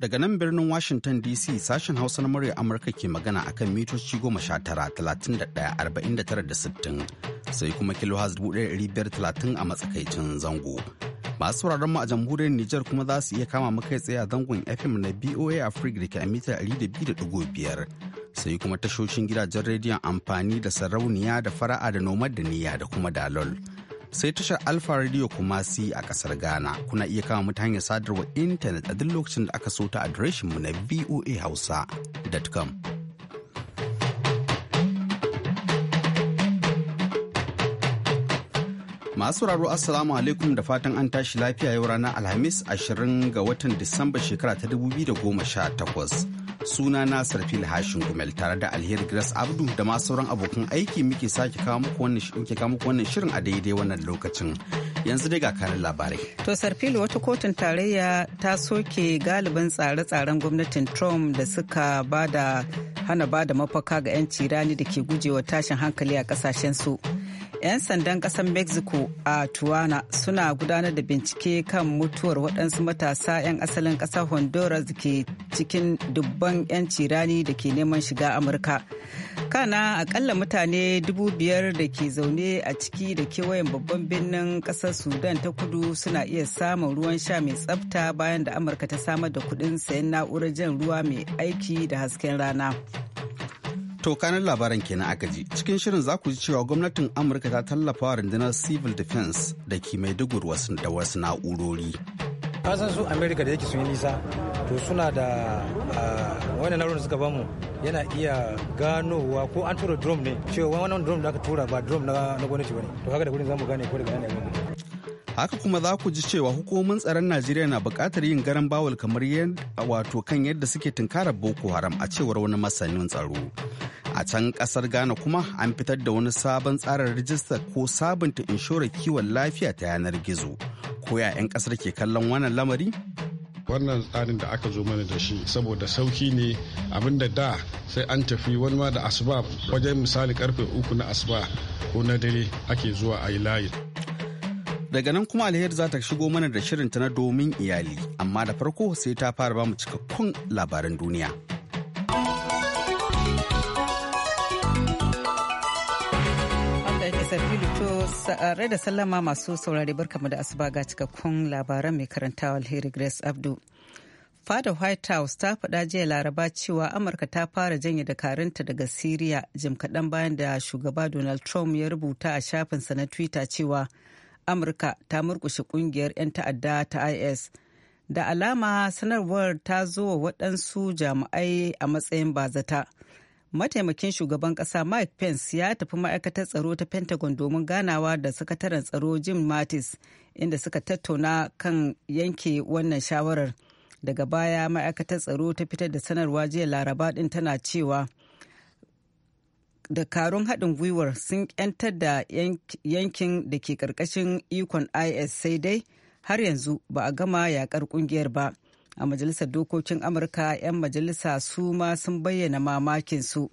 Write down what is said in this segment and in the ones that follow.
Daga nan birnin Washington DC sashen Hausa na murya Amurka ke magana akan mitoci goma sha tara talatin sai kuma kilohaz dubu ɗaya a matsakaicin zango. Masu sauraron mu a jamhuriyar Nijar kuma za su iya kama muka kai tsaye a zangon FM na BOA Africa da ke a mita ɗari Sai kuma tashoshin gidajen rediyon amfani da sarauniya da fara'a da nomad da niyya da kuma dalol. sai tashar Alfa Radio Kumasi a kasar Ghana. Kuna iya kama mutane hanyar sadarwar intanet a duk lokacin da aka so ta adireshinmu na hausa.com. Masu sauraro Assalamu alaikum da fatan an tashi lafiya yau ranar Alhamis 20 ga watan Disamba shekara ta 2018. Suna na Sarfil Hashin Gumel tare da Alheri Grace Abdu da masu sauran abokan aiki muke sake kawo muku wannan shirin a daidai wannan lokacin. Yanzu dai ga kanin labarai. To Sarfil wata kotun tarayya ta soke galibin tsare-tsaren gwamnatin Trump da suka bada hana bada mafaka ga 'yan cirani da ke gujewa tashin hankali a kasashen su. 'yan sandan kasar mexico a tuwana suna gudanar da bincike kan mutuwar waɗansu matasa 'yan asalin ƙasar honduras ke cikin dubban yan cirani da ke neman shiga amurka kana akalla mutane dubu biyar da ke zaune a ciki da kewayen babban birnin ƙasar sudan ta kudu suna iya samun ruwan sha mai tsabta bayan da amurka ta samar da kuɗin sayan na'urar jan ruwa mai aiki da hasken rana To kanan labaran kenan aka ji. Cikin shirin za ku ji cewa gwamnatin Amurka ta tallafa wa rundunar Civil Defense da ke dugur wasu da wasu na'urori. Kasan su Amerika da yake sun yi nisa, to suna da wani na'urar suka bamu yana iya ganowa ko an tura drum ne cewa wannan drum da aka tura ba drum na gwamnati ba ne. To haka da wurin zamu gane ko daga nan ne. haka kuma za ku ji cewa hukumomin tsaron najeriya na bukatar yin garan bawul kamar wato kan yadda suke tunkarar boko haram a cewar wani masanin tsaro A can kasar Ghana kuma an fitar da wani sabon tsarin rijista ko sabunta inshorar kiwon lafiya ta yanar gizo. Koya 'yan kasar ke kallon wannan lamari? wannan tsarin da aka zo mana da shi saboda sauki ne abinda da sai an tafi wani ma da asuba wajen misali karfe uku na asuba ko na dare ake zuwa a yi layi daga nan kuma alheri za ta shigo mana da shirinta na domin iyali amma da farko sai ta fara ba mu cikakkun labaran duniya. sarfilu to sa'are da sallama masu saurari barkamu da asuba ga cikakkun labaran mai karantawa alheri grace abdu fada white house ta faɗa jiya laraba cewa amurka ta fara janye dakarunta daga siriya jim kaɗan bayan da shugaba donald trump ya rubuta a shafinsa na twitter cewa amurka ta murkushe ƙungiyar 'yan ta'adda ta is da alama sanarwar ta zo wa waɗansu jami'ai a matsayin bazata. mataimakin shugaban kasa mike pence ya tafi ma'aikatar tsaro ta pentagon domin ganawa da sakataren tsaro jim mattis inda suka tattauna kan yanke wannan shawarar daga baya ma'aikatar tsaro ta fitar da sanarwa jiya laraba din tana cewa dakarun haɗin gwiwar sun 'yantar da yankin da ke ƙarƙashin ikon is sai dai har yanzu ba a gama yaƙar ƙungiyar ba a majalisar dokokin amurka 'yan majalisa su ma sun bayyana mamakin su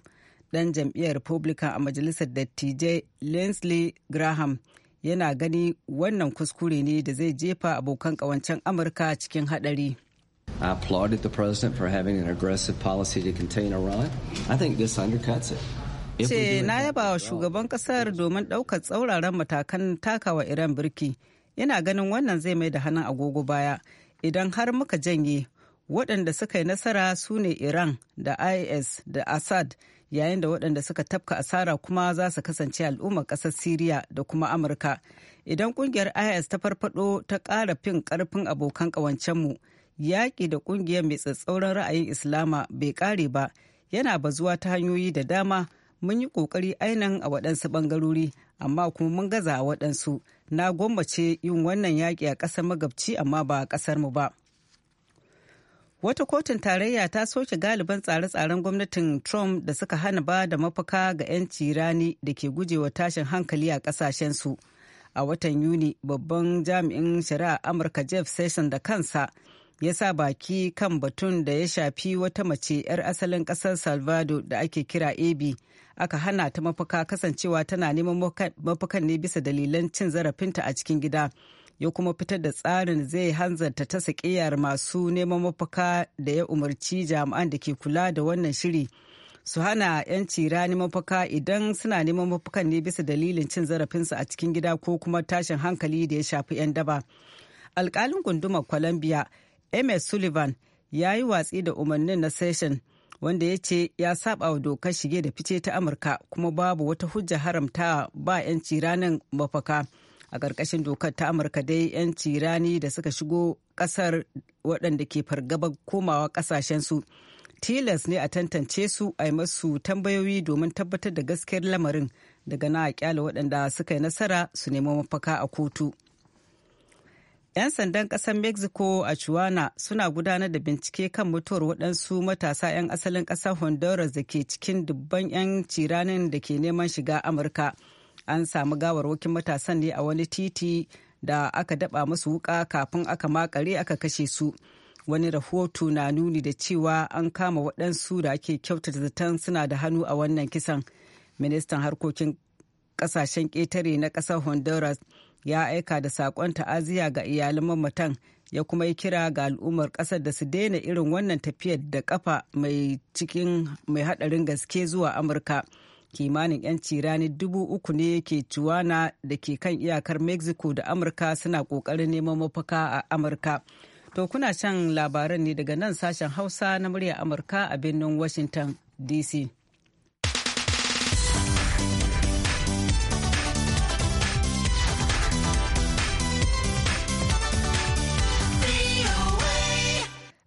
dan jam'iyyar republican a majalisar dattijai lindsey graham yana gani wannan kuskure ne da zai jefa abokan kawancen amurka cikin hadari I applauded the president having an aggressive policy ce na yaba wa shugaban kasar domin ɗaukar tsauraran matakan takawa iran birki yana ganin wannan zai mai da hannun agogo baya idan har muka janye waɗanda suka yi nasara su ne iran da is da assad yayin da waɗanda suka tafka asara kuma za su kasance al'ummar ƙasar siriya da kuma amurka idan ƙungiyar is ta farfado ta ƙara fin ƙarfin abokan ƙawancenmu yaƙi da ƙungiyar mai tsatsauran ra'ayin islama bai ƙare ba yana bazuwa ta hanyoyi da dama mun yi ƙoƙari ainihin a waɗansu ɓangarori amma kuma mun gaza a waɗansu na gwammace yin wannan yaƙi a ƙasar magabci amma ba a ƙasar mu ba wata kotun tarayya ta soke galiban tsare-tsaren gwamnatin trump da suka hana ba da mafaka ga 'yanci rani da ke gujewa tashin hankali a ƙasashensu a watan yuni babban jami'in shari'a amurka jeff sessions da kansa ya sa baki kan batun da ya shafi wata mace 'yar asalin ƙasar salvador da ake kira ab aka hana ta mafaka kasancewa tana neman mafakan ne bisa dalilan cin zarafinta a cikin gida ya kuma fitar da tsarin zai hanzarta ta sakiyar masu neman mafaka da ya umarci jami'an da ke kula da wannan shiri su hana 'yanci rani mafaka idan suna neman mafakan ne bisa dalilin cin zarafinsu a cikin gida ko kuma tashin hankali da ya shafi 'yan daba alkalin gundumar Columbia. ms sullivan ya yi watsi da umarnin na session wanda ya ce ya saba wa dokar shige da fice ta amurka kuma babu wata hujja haramta ba 'yanci ranin mafaka a ƙarƙashin dokar ta amurka dai 'yanci rani da suka shigo ƙasar waɗanda ke fargabar komawa ƙasashensu tilas ne a tantance su a yi masu tambayoyi domin tabbatar da gaskiyar lamarin daga na a waɗanda suka yi nasara su nemi mafaka a kotu. 'Yan sandan ƙasar Mexico a Chihuahua suna gudanar da bincike kan mutuwar waɗansu matasa 'yan asalin ƙasar Honduras da ke cikin dubban 'yan ciranin da ke neman shiga Amurka. An samu gawarwakin matasan ne a wani titi da aka daba musu wuka kafin aka makare aka kashe su. Wani rahoto na nuni da cewa an kama waɗansu da ake kyautata zaton suna da hannu a wannan kisan. Ministan harkokin ƙasashen ƙetare na ƙasar Honduras. ya aika da saƙon ta'aziya ga iyalin mamatan ya kuma yi kira ga al'ummar ƙasar da su daina irin wannan tafiyar da kafa mai cikin mai haɗarin gaske zuwa amurka kimanin 'yanci rani dubu uku ne ke cuwana da ke kan iyakar mexico da amurka suna ƙoƙarin neman mafaka a amurka to kuna shan labaran ne daga nan sashen hausa na murya amurka a birnin washington dc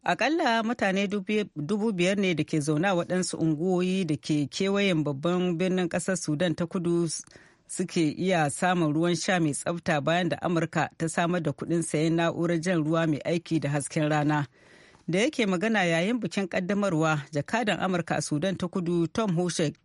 akalla mutane dubu biyar ne da ke zauna waɗansu unguwoyi da ke kewayen babban birnin ƙasar sudan ta kudu suke iya samun ruwan sha mai tsafta bayan da amurka ta samar da kuɗin sayan na'urar jan ruwa mai aiki da hasken rana da yake magana yayin bikin ƙaddamarwa jakadan amurka a sudan ta kudu tom hushek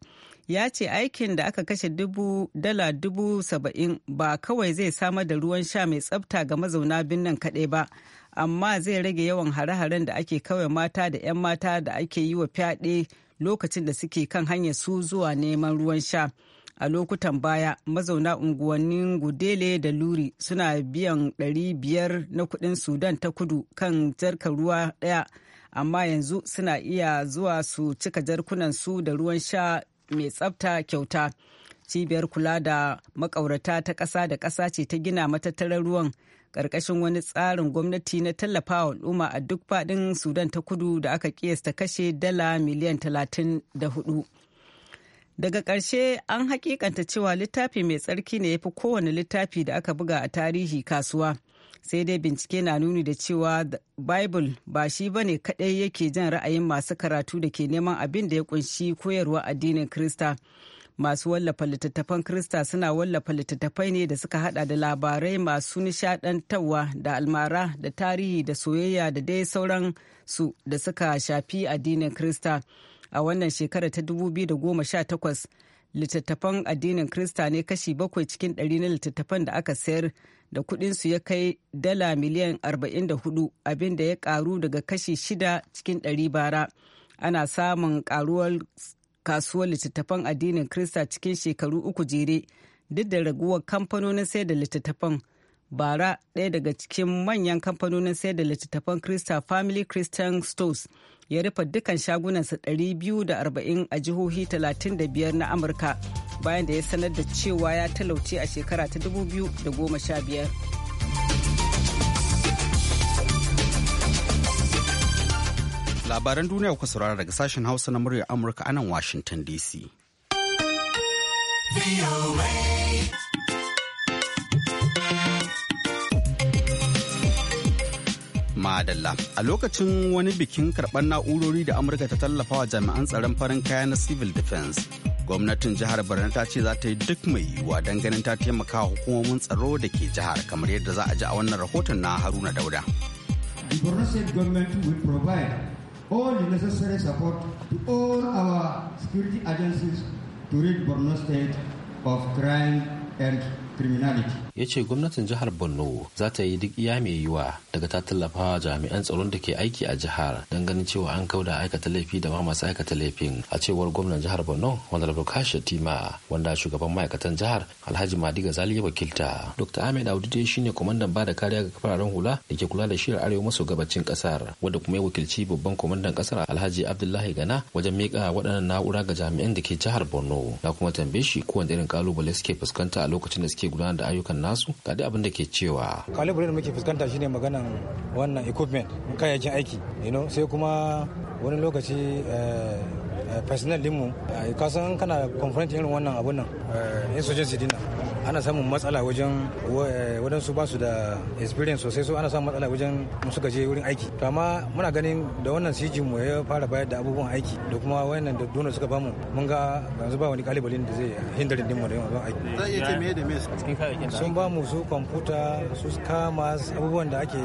ya ce aikin da aka kashe dubu dala dubu saba'in ba kawai zai samar da ruwan sha mai tsafta ga mazauna birnin kaɗai ba amma zai rage yawan hare-haren da ake kawai mata da 'yan mata da ake yi wa fyaɗe lokacin da suke kan hanyar su zuwa neman ruwan sha a lokutan baya mazauna unguwannin gudele da luri suna biyan ɗari biyar na kudin sudan ta kudu kan jarkar ruwa ɗaya amma yanzu suna iya zuwa su cika jarkunan su da ruwan sha mai tsafta kyauta cibiyar kula da makaurata ta ƙasa da ƙasa ce ta gina matattarar ruwan ƙarƙashin wani tsarin gwamnati na tallafawa al'umma a duk faɗin sudan ta kudu da aka kiyasta kashe dala miliyan 34 daga ƙarshe an hakikanta cewa littafi mai tsarki ne ya fi kowane littafi da aka buga a tarihi kasuwa sai dai bincike na nuni da cewa bible ba shi ba ne kaɗai yake jan ra'ayin masu karatu da ke neman abin da ya ƙunshi koyarwa addinin krista masu wallafa littattafan krista suna wallafa littattafai ne da suka hada da labarai masu nishadantarwa da almara da tarihi da soyayya da dai sauran su da suka shafi addinin krista a wannan shekara ta 2018 littattafan addinin krista ne kashi bakwai cikin ɗari na littattafan da aka sayar da su ya kai dala miliyan arba'in 44 abin da ya karu daga kashi shida cikin ɗari bara ana samun karuwar kasuwar littattafan addinin Krista cikin shekaru uku jere duk da raguwar kamfanonin sayar da littattafan. Bara ɗaya daga cikin manyan kamfanonin sayar da littattafan Krista Family Christian Stores ya rufe dukkan shagunansa arba'in a jihohi talatin da biyar na Amurka bayan da ya sanar da cewa ya talauci a shekara ta dubu biyu da goma sha biyar. Labaran duniya kuka saurara daga sashen Hausa na muryar Amurka anan Washington DC. Madalla a lokacin wani bikin karɓar na'urori da Amurka ta tallafa wa jami'an tsaron farin kaya na civil defense. Gwamnatin jihar Borno ta ce za ta yi duk mai yiwuwa don ganin ta taimaka hukumomin tsaro da ke jihar kamar yadda za a ji a wannan rahoton na Haruna Dauda. The Borno State government will provide all the necessary support to all our security agencies to rid Borno State of crime and criminality. ya ce gwamnatin jihar borno za ta yi duk iya mai yiwa daga ta tallafawa jami'an tsaron da ke aiki a jihar don ganin cewa an da aikata laifi da ma masu aikata laifin a cewar gwamnan jihar borno wanda da kashi tima wanda shugaban ma'aikatan jihar alhaji madi gazali ya wakilta dr ahmed audu shine kwamandan ba da kariya ga kafararen hula da ke kula da shirin arewa maso gabacin kasar wanda kuma ya wakilci babban kwamandan kasar alhaji abdullahi gana wajen miƙa waɗannan na'ura ga jami'an da ke jihar borno na kuma tambaye shi kowane irin kalubale suke fuskanta a lokacin da suke gudanar da ayyukan nasu ga duk abin da ke cewa kalibure da muke fuskanta shine maganan wannan equipment kayayyakin aiki you sai kuma wani lokaci eh, eh, personnel dinmu eh, kasan kana confronting irin wannan abun nan insurgency dinnan ana samun matsala wajen eh, waɗansu ba su da experience sosai so ana samun matsala wajen suka je wurin aiki to amma muna ganin da wannan sijin mu ya fara bayar da abubuwan aiki da kuma wayannan da donor suka bamu mun ga yanzu ba wani kalibalin da zai hindarin din mu da yawan aiki zai iya me da me sun bamu su kwamfuta su scammers abubuwan da ake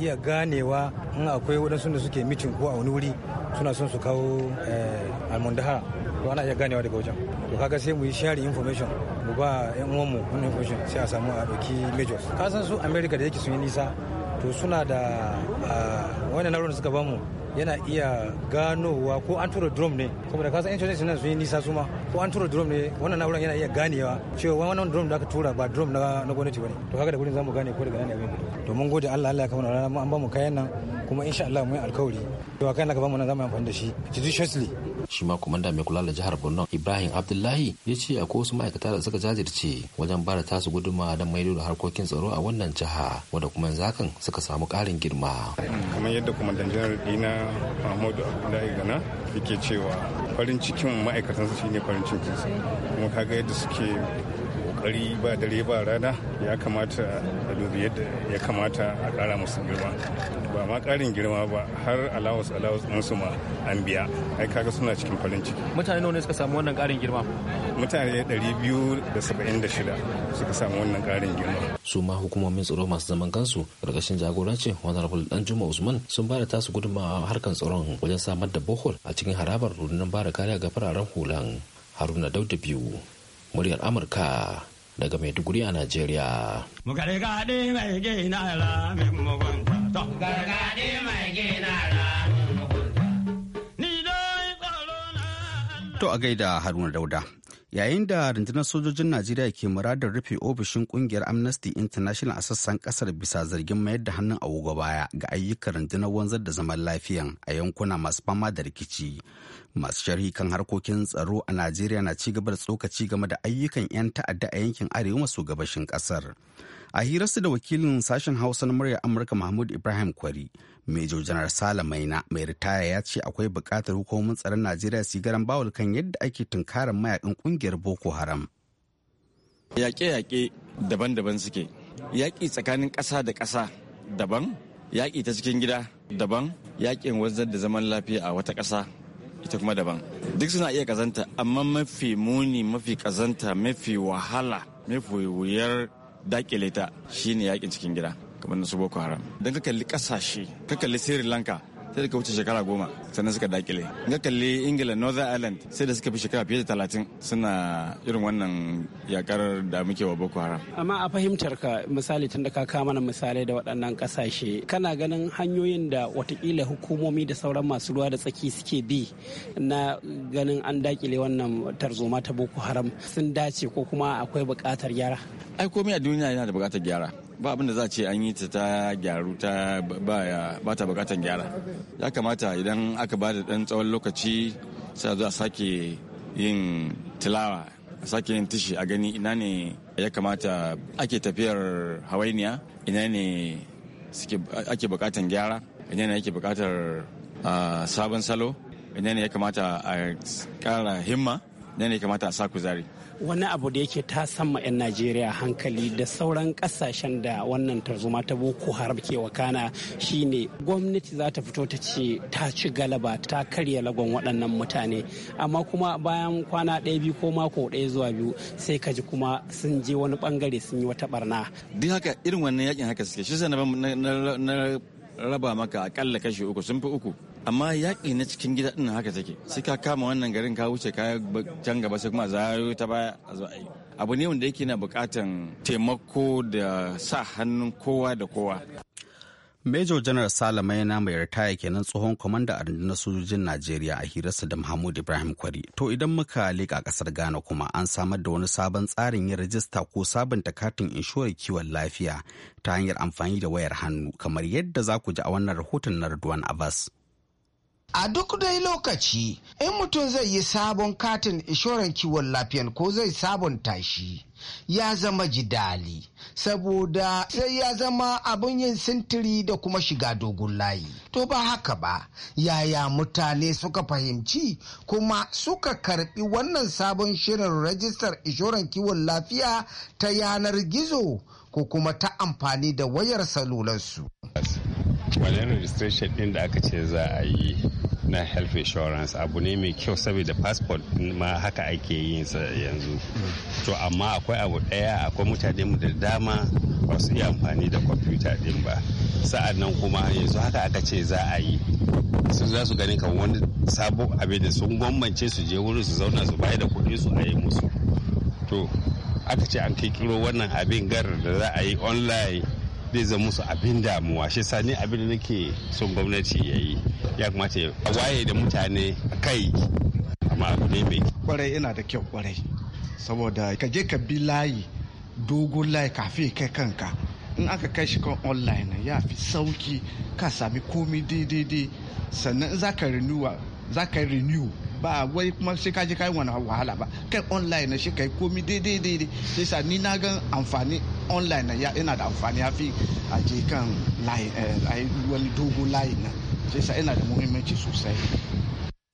iya ganewa in akwai waɗansu da suke mitin ko a wani wuri suna son su kawo eh, almundahara to ana iya ganewa daga wajen to kaga sai mu yi share information mu ba yan uwanmu wannan information sai a samu a dauki majors ka san su america da yake sun yi nisa to suna da wani na da suka bamu yana iya ganowa ko an tura drum ne saboda kasan insurance nan sun yi nisa suma ko an tura drum ne wannan na'urar yana iya ganewa cewa wannan drum da aka tura ba drum na na gwamnati bane to haka da gurin zamu gane ko daga nan ne abin to mun gode Allah Allah ya kama rana an ba mu kayan nan kuma insha Allah mu yi alkawari cewa kayan da ka ba mu nan zamu amfani da shi judiciously shi ma kwamanda mai kula da jihar borno ibrahim abdullahi ya ce akwai wasu ma'aikata da suka jajirce wajen ba tasu guduma don maido da harkokin tsaro a wannan jiha wanda kuma yanzu hakan suka samu karin girma kamar yadda kwamandan jihar dina mahmudu abdullahi gana yake cewa farin cikin ma'aikatansa shine farin cikinsa kuma kaga yadda suke kokari ba dare ba rana ya kamata a dubi yadda ya kamata a kara musu girma ba ma karin girma ba har allowance allowance su ma an biya ai kaga suna cikin farin ciki mutane nawa ne suka samu wannan karin girma mutane 276 suka samu wannan karin girma su ma hukumomin tsaro masu zaman kansu karkashin jagorancin honorable Juma usman sun bada tasu gudunmawa harkan tsaron wajen samar da bohol a cikin harabar rundunar bara kariya ga fararen hulan haruna dauda biyu muryar amurka daga Maiduguri a Najeriya. Gargaɗi mai gina ra mai To a gaida Haruna Dauda. yayin da rundunar sojojin najeriya ke muradar rufe ofishin kungiyar amnesty international a sassan kasar bisa zargin mayar da hannun agogo baya ga ayyukan rundunar wanzar da zaman lafiyan a yankuna masu fama da rikici masu sharhi kan harkokin tsaro a najeriya na ci gaba da tsokaci game da ayyukan 'yan ta'adda a yankin arewa maso gabashin kasar a hirarsu da wakilin sashen hausa na murya amurka mahmud ibrahim kwari Major janar Sala Maina mai ritaya ya ce akwai bukatar hukumomin tsaron Najeriya su garan bawul kan yadda ake tunkarar mayakan ƙungiyar Boko Haram. Yaƙe-yaƙe daban-daban suke. Yaƙi tsakanin ƙasa da ƙasa daban, yaƙi ta cikin gida daban, yaƙin wanzar da zaman lafiya a wata ƙasa ita kuma daban. Duk suna iya ƙazanta amma mafi muni, mafi kazanta, mafi wahala, mafi wuyar dakile ta shine yaƙin cikin gida. kamar na su boko haram don ka kalli kasashe ka kalli sri lanka sai da ka wuce shekara goma sannan suka dakile in ka kalli ingila northern ireland sai da suka fi shekara fiye da talatin suna irin wannan yakar da muke wa boko haram amma a fahimtar ka misali tun da ka kama mana misalai da waɗannan ƙasashe kana ganin hanyoyin da watakila hukumomi da sauran masu ruwa da tsaki suke bi na ganin an dakile wannan tarzoma ta boko haram sun dace ko kuma akwai buƙatar gyara ai komai a duniya yana da buƙatar gyara ba abin da za a ce an yi ta ta gyaru ta ba ta bukatan gyara ya kamata idan aka ba da ɗan tsawon lokaci sai a zo sake yin tilawa a sake yin tishi a gani ina ne ya kamata ake tafiyar hawainiya ina ne ake bukatan gyara ina ne ake bukatar ah, sabon salo ina ne ya kamata a kara himma ne ne kamata a sa kuzari wani abu da yake ta sama 'yan najeriya hankali da sauran kasashen da wannan tarzoma ta boko haram ke wakana shine gwamnati za ta fito ta ce ta ci galaba ta karya lagon waɗannan mutane amma kuma bayan kwana ɗaya biyu ko mako ɗaya zuwa biyu sai ka ji kuma sun je wani bangare sun yi wata barna duk haka irin wannan yakin haka suke shi na raba maka akalla kashi uku sun fi uku amma yaƙi na cikin gida ɗin haka take sai ka kama wannan garin ka wuce ka can gaba sai kuma zayo ta baya a abu ne wanda yake na buƙatan taimako da sa hannun kowa da kowa Major General Salama yana mai ritaya kenan tsohon kwamanda a rundunar sojojin Najeriya a hirarsa da Mahmud Ibrahim Kwari. To idan muka leƙa ƙasar Ghana kuma an samar da wani sabon tsarin yin rajista ko sabunta katin inshorar kiwon lafiya ta hanyar amfani da wayar hannu kamar yadda za ku ji a wannan rahoton na Radwan Abbas. a duk dai lokaci in mutum zai yi sabon katin inshoran kiwon lafiyan ko zai sabunta shi ya zama jidali saboda sai ya zama abin yin sintiri da kuma shiga dogon layi to ba haka ba yaya mutane suka fahimci kuma suka karbi wannan sabon shirin rajistar inshoran kiwon lafiya ta yanar gizo ko kuma ta amfani da wayar salulansu. Wajen registration din da aka ce za a yi na health insurance abu ne mai kyau saboda passport ma haka ake yin sa yanzu to amma akwai abu daya akwai mutane mu da dama ba su iya amfani da kwamfuta din ba sa'an nan kuma yanzu haka aka ce za a yi su za su gani kan wani sabo abin da sun gwammace su je wurin su zauna su bayar da kuɗi su a yi musu to aka ce an kiro wannan abin gar da za a yi online zai zama musu abin damuwa shi sani abin da nake son gwamnati ya yi ya kamata ya waye da mutane kai amma abu ne mai kwarai ina da kyau kwarai saboda ka je ka bi layi dogon layi kafin kai kanka in aka kai shi kan online ya fi sauki ka sami komi daidai sannan za ka renew ba wai kuma sai ka je kai wani wahala ba kai online na shi kai komi daidai daidai sai ni na gan amfani online na yana da amfani ya fi a je kan eh, wani dogo layi na sai sa yana da muhimmanci sosai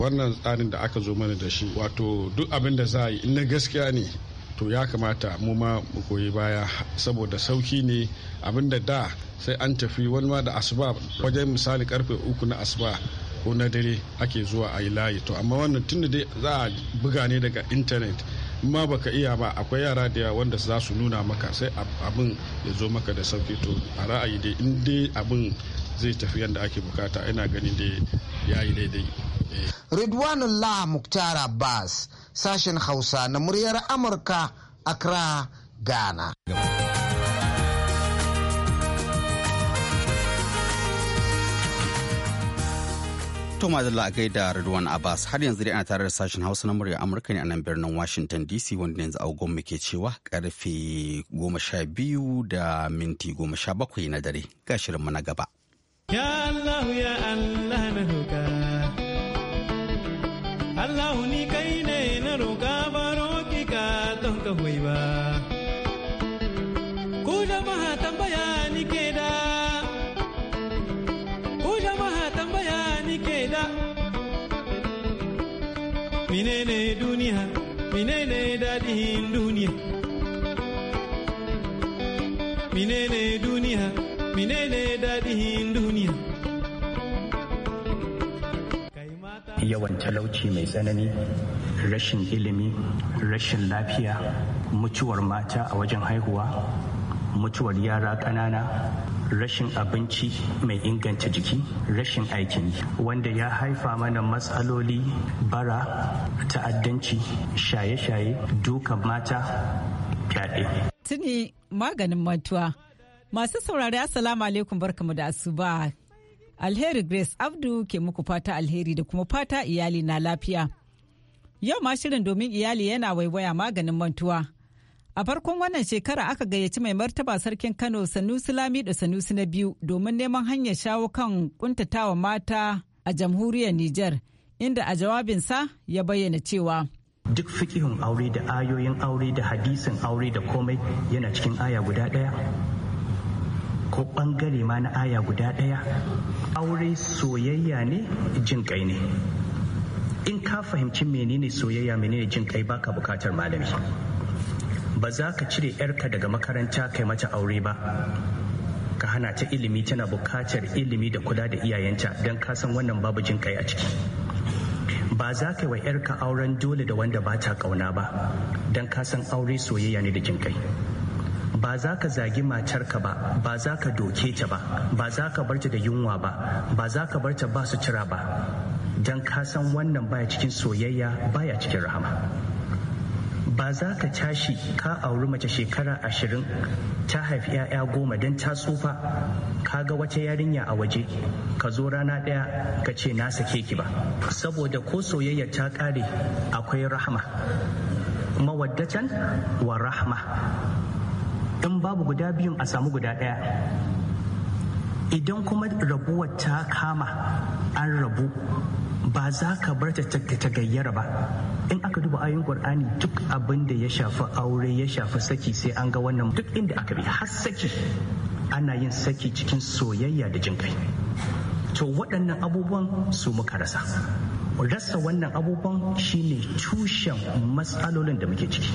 wannan tsarin da aka zo mana da shi wato duk abin da za a yi in na gaskiya ne to ya kamata mu ma mu koyi baya saboda sauki ne abinda da sai an tafi wani ma da asuba wajen misali karfe uku na asuba ko na dare ake zuwa a yi layi to amma wannan tunda dai za a buga ne daga intanet ma baka iya ba akwai yara da yawa wanda za su nuna maka sai abin ya zo maka da sauki to a ra'ayi dai in dai abin zai tafi yadda ake bukata ina ganin dai ya yi daidai eh. ridwanullah muktar abbas sashen hausa na muryar amurka accra ghana To madalla a gaida Ridwan Abbas har yanzu dai ana tare da sashen Hausa na murya Amurka ne a nan birnin Washington DC wanda yanzu agogon ke cewa karfe goma da minti goma bakwai na dare ga shirinmu na gaba. Ya Allah ya Allah na roƙa. Allah ni kai ne na roƙa baro ki ka don ka ba. menene duniya menene dadin duniya menene duniya menene dadin duniya yawan talauci mai tsanani rashin ilimi rashin lafiya mutuwar mata a wajen haihuwa mutuwar yara ƙanana rashin abinci mai inganta jiki rashin aikin wanda ya haifa mana matsaloli bara ta'addanci shaye-shaye dukan mata fyaɗe. tuni maganin mantuwa masu saurari assalamu alaikum barkamu da asuba alheri grace abdu ke muku fata alheri da kuma fata iyali na lafiya yau ma shirin domin iyali yana waiwaya maganin mantuwa A farkon wannan shekara aka gayyaci mai martaba sarkin Kano Sanusi Lamido Sanusi na biyu domin neman hanyar shawo kan kuntatawa mata a jamhuriyar Nijar, inda a jawabinsa ya bayyana cewa. Duk fikihun aure da ayoyin aure da hadisin aure da komai yana cikin aya guda ɗaya. Ko ɓangare ma na aya guda ɗaya. Aure soyayya ne jin kai ne. In ka fahimci menene soyayya menene jin kai baka bukatar malami. ba za ka cire 'yarka daga makaranta kai mata aure ba ka hana ta ilimi tana bukatar ilimi da kula da iyayenta don ka san wannan babu jin kai a ciki ba za ka wa 'yarka auren dole da wanda ba ta kauna ba don ka san aure soyayya ne da jin kai ba za ka zagi matarka ba ba za ka doke ta ba ba za ka barta da yunwa ba ba za ka barta ba su cira ba don ka san wannan baya cikin soyayya baya cikin rahama ba za ka tashi ka auri mace shekara ashirin ta haifi 'ya'ya goma don ta tsufa ka ga wata yarinya a waje ka zo rana ɗaya ka ce na sake ki ba saboda ko soyayya ta ƙare akwai rahama mawaddatan wa rahama. in babu guda biyun a samu guda ɗaya idan kuma rabuwar ta kama an rabu ba za ka bar ta gayyara ba in aka duba ayin qur'ani duk abin da ya shafi aure ya shafi saki sai an ga wannan duk inda aka bi har saki ana yin saki cikin soyayya da jin kai to waɗannan abubuwan su muka rasa rasa wannan abubuwan shine tushen matsalolin da muke ciki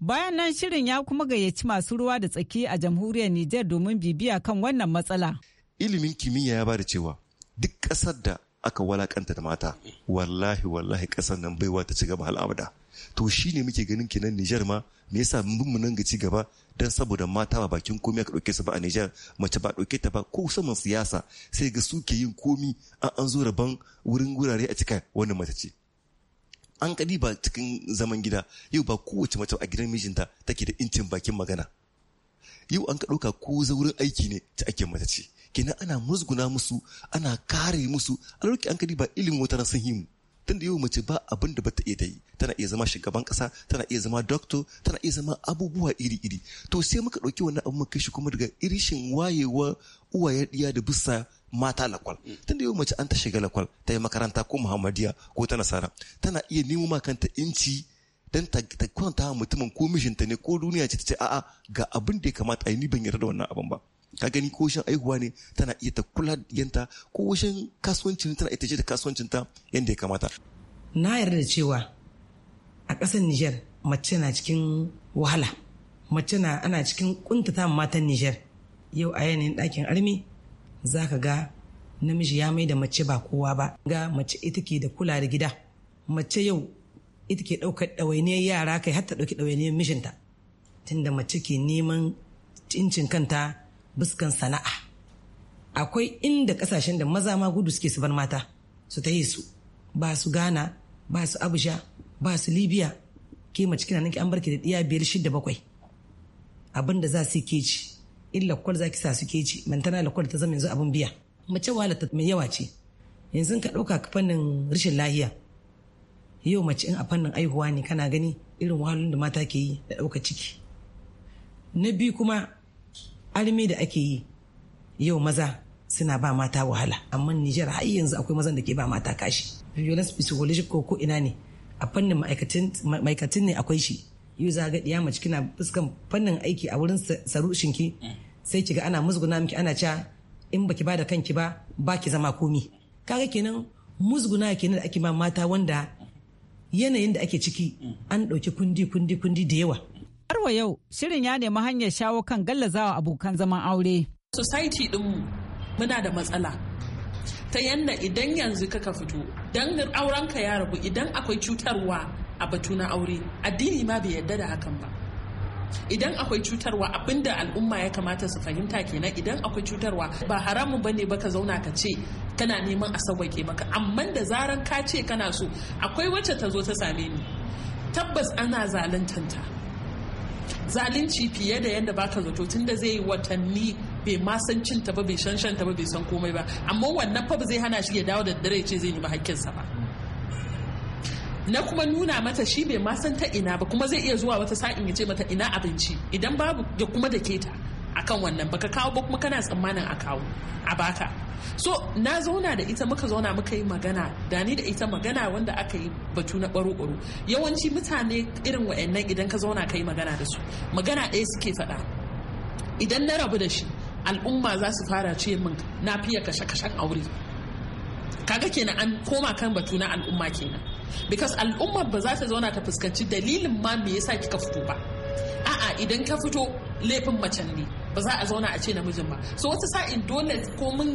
bayan nan shirin ya kuma gayyaci masu ruwa da tsaki a jamhuriyar niger domin bibiya kan wannan matsala ilimin kimiyya ya bada cewa duk ƙasar da aka walakanta da mata wallahi wallahi ƙasar nan baiwa ta ci gaba al'abada to shi ne muke ganin kenan Nijar ma me yasa mun nan ga ci gaba dan saboda mata ba bakin komai aka dauke su ba a Nijar mace ba dauke ta ba ko saman siyasa sai ga suke yin komi an an zo rabon wurin wurare a cika wannan mace ce an kadi ba cikin zaman gida yau ba kowace mace a gidan mijinta take da incin bakin magana yau an ka ɗauka ko zaurin aiki ne ta ake mata ce kenan ana musguna musu ana kare musu a lokacin an kadi ba ilimin wata na sahimu tun da yau mace ba abin da bata iya ta yi tana iya zama shugaban kasa tana iya zama doctor tana iya zama abubuwa iri-iri to sai muka ɗauki wannan abin muka shi kuma daga irishin wayewa uwayen ɗiya da bisa mata lakwal mm. tun yau mace an ta shiga lakwal ta yi makaranta ko muhammadiya ko ta nasara tana iya nemo ma kanta inci dan ta kwanta mutumin ko mijinta ne ko duniya ce ta ce a'a ga abin da ya kamata ai ni ban yarda da wannan abin ba ka gani ko shan aihuwa ne tana iya ta kula yanta ko washin kasuwancin tana ta ce da kasuwancin ta yanda ya kamata na yarda da cewa a ƙasar Niger mace na cikin wahala mace na ana cikin kuntata matan Niger yau a yanayin ɗakin armi za ka ga namiji ya mai da mace ba kowa ba ga mace ita ke da kula da gida mace yau ita ke ɗaukar ɗawainiyar yara kai har ta ɗauki ɗawainiyar mishinta tunda mace ke neman cincin kanta buskan sana'a akwai inda ƙasashen da maza ma gudu suke su bar mata su ta su ba su ghana ba su abuja ba su libya ke mace kina nake an barke da ɗiya biyar shida bakwai abin da za su ke ci in lakwal za ki sa su ke ci mantana lakwal ta zama yanzu abin biya mace wahala ta mai yawa ce yanzu ka ɗauka fannin rashin lahiya yau mace in a fannin aihuwa ne kana gani irin wahalun da mata ke yi da ɗauka ciki na biyu kuma almi da ake yi yau maza suna ba mata wahala amma Nijar har yanzu akwai mazan da ke ba mata kashi violence psychological ko ina ne a fannin ma'aikatan ne akwai shi yau za ga diya mace kina fuskan fannin aiki a wurin shinki sai kiga ana musguna miki ana ca in baki ba da kanki ba ba zama komi kaga kenan musguna kenan da ake ba mata wanda yanayin da ake ciki an ɗauki kundi kundi kundi da yawa. Harwa yau shirin ya nemi hanyar shawo kan gallazawa abokan zaman aure. Society ɗinmu muna da matsala. Ta yanda idan yanzu kaka fito, dan aurenka ya rabu idan akwai cutarwa a batu na aure, addini ma bai yarda da hakan ba. idan akwai cutarwa abinda al'umma ya kamata su fahimta kenan idan akwai cutarwa ba haramun ba ne baka zauna ka ce kana neman a sawake maka amma da zaran ka ce kana so akwai wacce ta zo ta same ni tabbas ana zaluntanta zalunci fiye da yadda baka zato tun da zai yi watanni bai ma san cinta ba bai san shanta ba bai san komai ba amma wannan fa ba zai hana shi ya dawo da dare ce zai nemi hakkinsa ba na kuma nuna mata shi bai ma san ta ina ba kuma zai iya zuwa wata sa'in ya ce mata ina abinci idan babu ya kuma da keta akan wannan baka kawo ba kuma kana tsammanin a kawo a baka so na zauna da ita muka zauna muka yi magana da ni da ita magana wanda aka yi batu na baro-baro yawanci mutane irin wa'annan idan ka zauna ka yi magana da su magana ɗaya suke faɗa idan na rabu da shi al'umma za su fara ce min na fiye kashe-kashen aure kaga kenan an koma kan batu na al'umma kenan because al'umma ba za ta zauna ta fuskanci dalilin ma me yasa kika fito ba a'a idan ka fito laifin macen ne ba za a zauna a ce namijin ba so wata sa'in dole ko mun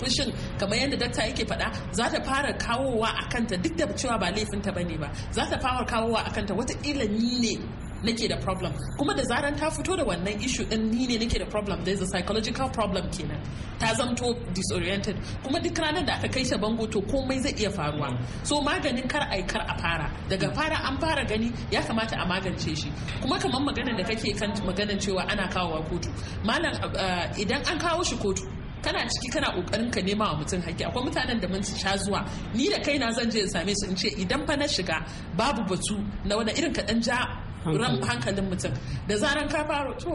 fushin kamar yadda dakta yake faɗa za ta fara kawowa a kanta duk da cewa ba laifinta ba ne ba za ta fara kawowa a kanta wataƙila ni ne nake da problem kuma da zaran ta fito da wannan issue din ni ne nake da problem there is a psychological problem kenan ta zamto disoriented kuma duk ranar da aka kai shi bango to komai zai iya faruwa so maganin kar ai kar a fara daga fara an fara gani ya kamata a magance shi kuma kamar maganar da kake kan maganar cewa ana kawowa kotu malam eh, idan an kawo shi kotu kana ciki kana kokarin ka nema wa mutum haƙƙi akwai mutanen da mun sha zuwa ni da kaina zan je in same su in ce idan fa na shiga babu batu na wani irin ka ja hankalin mutum da zaran ka fara to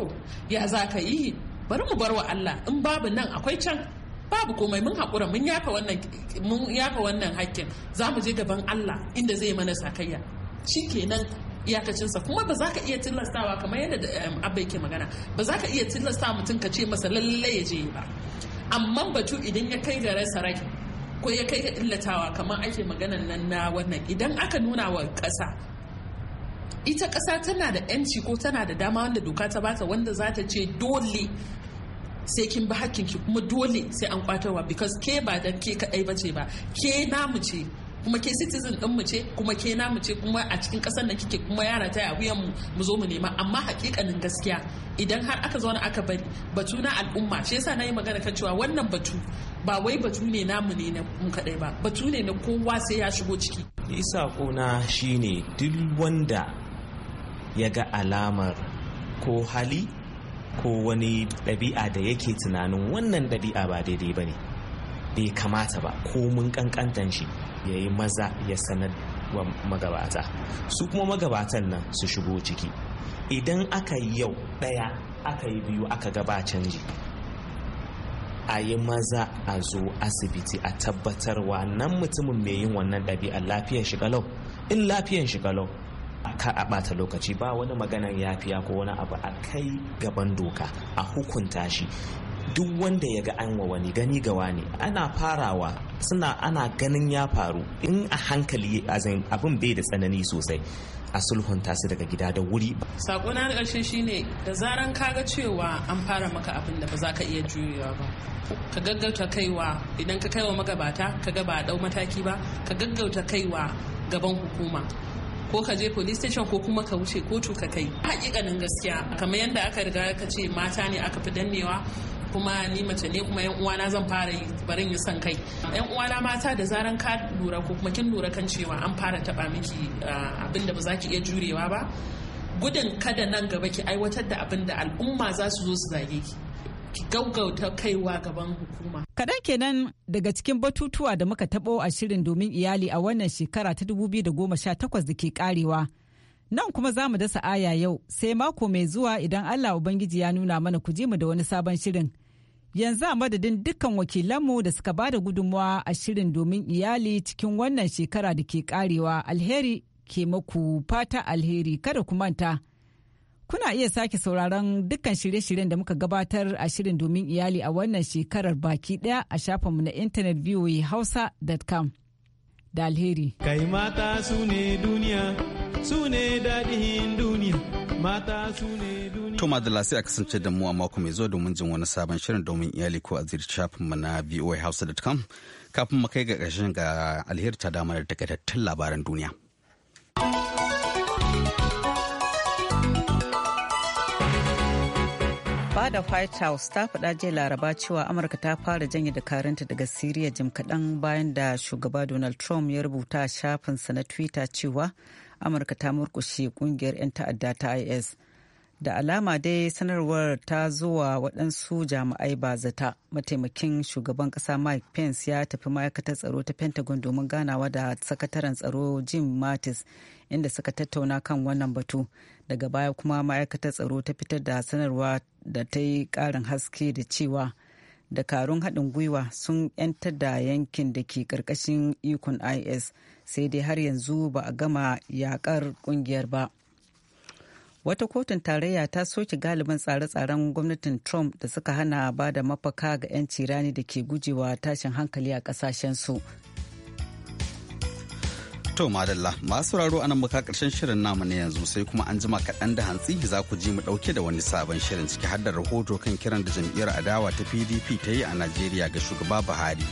ya za ka yi bari mu bar wa Allah in babu nan akwai can babu komai mun haƙura mun yafa wannan mun yafa wannan hakkin za mu je gaban Allah inda zai mana sakayya shikenan iyakacinsa kuma ba za ka iya tilastawa kamar yadda um, abba yake magana ba za ka iya tilasta mutum ka ce masa lallai ya je ba amma batu idan ya kai ga rasa rai ko ya kai ga illatawa kamar ake maganan nan na wannan idan aka nuna wa ƙasa ita ƙasa tana da 'yanci ko tana da dama wanda doka ta bata wanda za ta ce dole sai kin bi hakkinki kuma dole sai an kwatarwa because ke ba da ke kadai bace ba ke namu ce kuma ke citizen din mu ce kuma ke namu ce kuma a cikin kasar da kike kuma yara ta a mu mu zo mu nema amma hakikanin gaskiya idan har aka zauna aka bari batu na al'umma shi yasa nayi magana kan cewa wannan batu ba wai batu ne namu ne na mu kadai ba batu ne na kowa sai ya shigo ciki ni sako na shine duk wanda ya ga alamar ko hali ko wani ɗabi'a da yake tunanin wannan ɗabi'a ba daidai ba ne bai kamata ba ko mun kankantan shi ya yi maza ya sanar wa magabata su kuma magabatan nan su shigo ciki idan aka yi yau ɗaya aka yi biyu aka gaba canji a yi maza a zo asibiti a tabbatarwa nan mutumin mai yin wannan ɗabi'a lafiyar shi in lafiyar shi kalau ka a ɓata lokaci ba wani maganan yafiya ko wani abu a kai gaban doka a hukunta shi duk wanda ya ga an wa wani gani ga wani ana farawa suna ana ganin ya faru in a hankali abin bai da tsanani sosai a sulhunta su daga gida da wuri. Saƙo na shi shine da zaran kaga cewa an fara maka abin da ba za ka iya juyewa ba. Ka gaggauta kaiwa idan ka kaiwa magabata ka ga ba a ɗau mataki ba ka gaggauta kaiwa gaban hukuma. ko ka je police station ko kuma ka wuce kotu ka kai hakikanin gaskiya kamar yadda aka riga ka ce mata ne aka fi dannewa kuma ni mace ne kuma yan uwana zan fara yi barin yi san kai yan uwana mata da zaran ka lura ko kuma kin lura kan cewa an fara taba miki abin da ba za ki iya jurewa ba gudun kada nan gaba ki aiwatar da abin da al'umma za su zo su zage ki ki gaugauta kaiwa gaban hukuma. Kaɗan kenan daga cikin batutuwa da muka taɓo a shirin domin iyali a wannan shekara ta 2018 da ke karewa. Nan kuma za mu dasa aya yau sai mako mai zuwa idan Allah Ubangiji ya nuna mana ku ji mu da wani sabon shirin. Yanzu a madadin dukkan wakilanmu da suka ba da gudunmawa a shirin domin iyali cikin wannan shekara da ke karewa alheri ke maku fata alheri kada ku manta. Kuna iya sake sauraron dukkan shirye-shiryen da muka gabatar a shirin domin iyali a wannan shekarar baki ɗaya a shafinmu na intanet voahausa.com da alheri. Kai mata su ne duniya su ne daɗin duniya mata su ne duniya. Toma da sai a kasance da mu a mako mai zo domin jin wani sabon shirin domin iyali ko a shafin mu na voahausa.com kafin mu kai ga ƙarshen ga alheri ta damar takaitattun labaran duniya. fada white house ta faɗa jiya laraba cewa amurka ta fara janye dakarunta daga siriya jim kaɗan bayan da shugaba donald trump ya rubuta shafinsa na twitter cewa amurka ta murkushe kungiyar 'yan ta'adda ta is da alama dai sanarwar ta zuwa waɗansu jami'ai ba zata mataimakin shugaban ƙasa mike pence ya tafi ma'aikatar tsaro ta pentagon domin ganawa da sakataren tsaro jim mattis inda suka tattauna kan wannan batu daga baya kuma ma'aikatar tsaro ta fitar da sanarwa da ta yi ƙarin haske da cewa dakarun haɗin gwiwa sun 'yantar da yankin da ke ƙarƙashin ikon is sai dai har yanzu ba a gama yakar kungiyar ba wata kotun tarayya ta soke galibin tsare-tsaren gwamnatin trump da suka hana ba da mafaka ga 'yanci rani da ke gujewa tashin hankali a kasashensu to madalla masu raro anan muka karshen shirin namu na yanzu sai kuma an jima kaɗan da hantsi za ku ji mu ɗauke da wani sabon shirin ciki har da rahoto kan kiran da jam'iyyar adawa ta pdp ta yi a najeriya ga shugaba buhari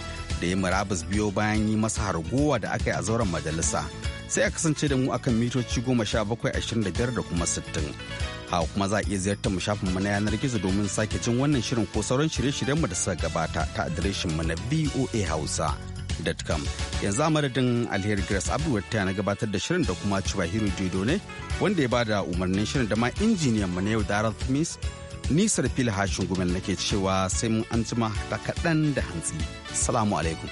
da ya murabus biyo bayan yi masa harguwa da aka yi a zauren majalisa sai a kasance da mu akan mitoci goma sha bakwai ashirin da biyar da kuma sittin ha kuma za a iya ziyartar mu shafin mu na yanar gizo domin sake jin wannan shirin ko sauran shirye-shiryen mu da suka gabata ta adireshin mu na voa hausa com yanzu a madadin alheri grace abubuwar ta na gabatar da shirin da kuma cibahiru dido ne wanda ya bada umarnin shirin da ma injiniyan mu na yau darar smith nisar le hashin gumel nake cewa sai mun antuma da kaɗan da hantsi salamu alaikum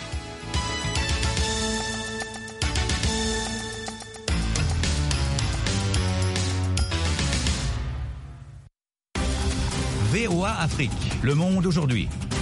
VOA Afrique. Le monde aujourd'hui.